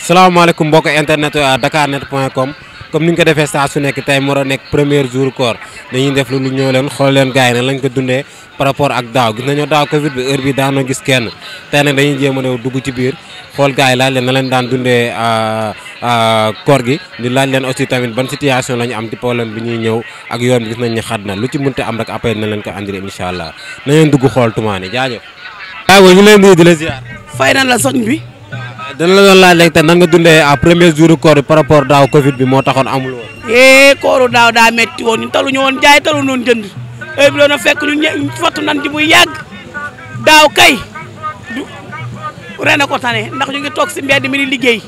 salaamaaleykum mbokk internet dakar net point com comme ni ñu ko defee saa su nekk tey moo a nekk premier jour koor dañuy def lu lu ñëw leen xool leen gars yi ne lañ ko dundee par rapport ak daaw gis nañoo daaw Covid bi heure bi daanoo gis kenn tey nag dañuy jéem a dugg ci biir xool gars yi laaj leen na leen daan dundee euh, euh, koor gi di laaj leen aussi tamit ban situation la ñu am ci problème bi ñuy ñëw ak yoon bi gis nañ ne xat na lu ci mënti am rek après na leen ko andil incha leen dugg xool tumaane jaajëf. waaw ñu leen di di bi. dana la doon laaj léegi te nan nga dundee à premier jour koor bi par rapport daaw Covid bi moo taxoon amul woon. yee eh, kooru daaw daa metti woon ñun taluñu woon jaay taluñu woon jënd heure bi na fekk ñun ñë daaw kay du ren a ko tane ndax ñu ngi toog si mbedd mi di liggéey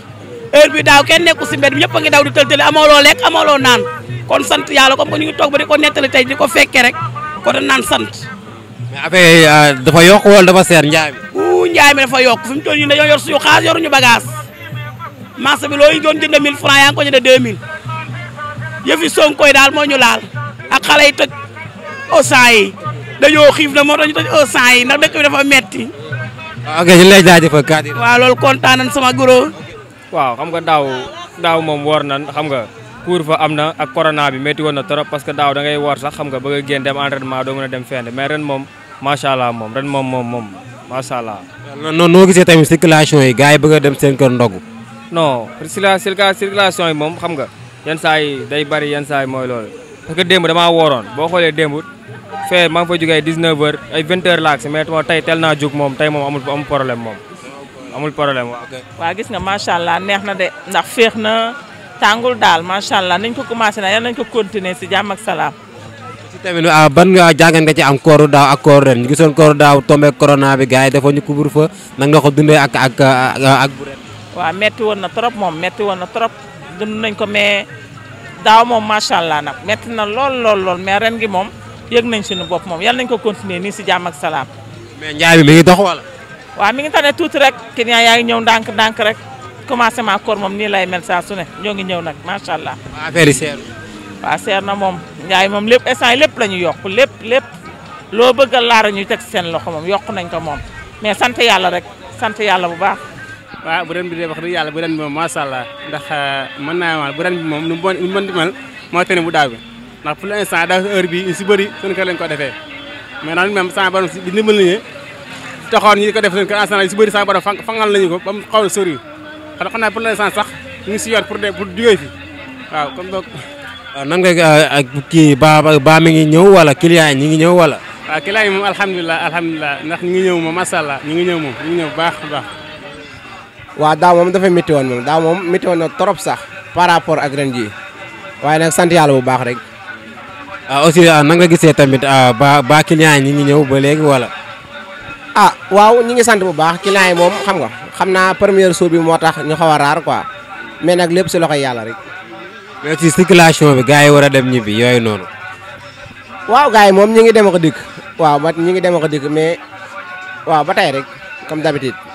heure bi daaw kenn nekkul si mbedd mi ñëpp a ngi daw di tëltëli amoo loo lekk amoo loo naan kon sant yàlla comme que ñu ngi toog ba di ko nettali tey di ko fekkee rek kon naan sant. mais affaire euh, dafa yokk wala dafa seer njaay mi njaay mi dafa yokk fi mu toll nii dañoo yoruñu bagage marché bi looy doon jënd 1000 francs yaa ngi ko jënd 2000 yëfi Sonko yi daal moo ñu laal ak xale yi tëj Auchan yi dañoo xiif na moo tax ñu tëj yi ndax dëkk bi dafa metti ah, ok ñu lay jaajëfal kàddu yi. waaw loolu kontaan nañ sama goro. waaw xam nga daaw daaw moom woor nan xam nga couvre-feu am na ak corona bi métti woon na trop parce que daaw da ngay woor sax xam nga bëgg a génn dem entraînement doo mën a dem fenn mais ren moom macha allah moom ren moom moom moom. macha allah. non noo gisee tamit circulation yi gars yi a dem seen kër ndogu. non circulation yi moom xam nga yenn saa yi day bari yenn saa yi mooy loolu parce que démb damaa wooroon boo xoolee démb fee maa ngi fa jógee ay 19h ay 20h laag si mais tey tel naa jóg moom tey moom amul amul moom waa gis nga macha allah neex na de ndax féex na tàngul daal macha allah nañ ko commencé na yal nañ ko continuer si jàmm ak salaam. si tamit ah, ban jàngat nga ci am kooru daaw ak kooru ren ñu gisoon kooru daaw tombé corona bi gars yi dafa ñu couvre feu nag nga ko dundee ak ak ak bu ren. metti woon na trop moom metti woon na trop dund nañ ko mais daaw moom macha allah nag metti na lool lool lool mais ren gi moom yëg nañ suñu bopp moom yal nañ ko continuer nii si jàmm ak salaam. mais njaay bi mi ngi dox wala. ngi tane tuuti rek client yaa ngi ñëw ndànk ndànk rek commencement koor moom nii lay mel saa su ne ñoo ngi ñëw nag macha allah. affaire yi seeru. waaw seer na moom Ndiaye moom lépp instant lépp la ñu yokk lépp lépp loo bëgg a laara ñu teg seen loxo moom yokk nañ ko moom mais sant yàlla rek sant yàlla bu baax. waaw bu ren bi de wax dëgg yàlla bu ren bi moom macha allah ndax euh, mën naa wax bu ren bi moom nu mu mën di mel moo tane bu daaw bi ndax pour l'instant daaw heure bi ñu si bëri suñu kër lañ ko defee mais nag même sama borom si bi ndimbal nañu taxoon ñi ko def suñu kër instant yi si bëri sama borom fangal nañu ko ba mu xaw a sori xam naa pour l'instant sax ñu ngi si yoon pour de pour jógee fi waaw comme donc Euh, nan nga euh, ak kii ba ba mi ngi ñëw wala client yi ñi ngi ñëw wala. waaw client yi moom alhamdulilah alhamdulilah ndax ñi ngi ñëw moom macha allah ngi ñëw moom ñi ngi ñëw baax baax. waaw daaw moom dafa métti woon moom daaw moom métti woon na trop sax par rapport ak ren jii waaye nag sant yàlla bu baax rek. Ah, aussi ah, nan nga gisee tamit ah, ba ba client ñi ngi ñëw ba léegi wala. ah waaw ñi ngi sant bu baax client yi moom xam nga xam naa première jour bi moo tax ñu xaw a raar quoi mais nag lépp si loxoy yàlla rek. mais ci circulation bi gars yi war a dem ñibbi yooyu noonu. waaw gars yi moom ñu ngi dem ak dikk. waaw ba ñu ngi dem ak dikk mais waaw ba tey rek comme d'habitude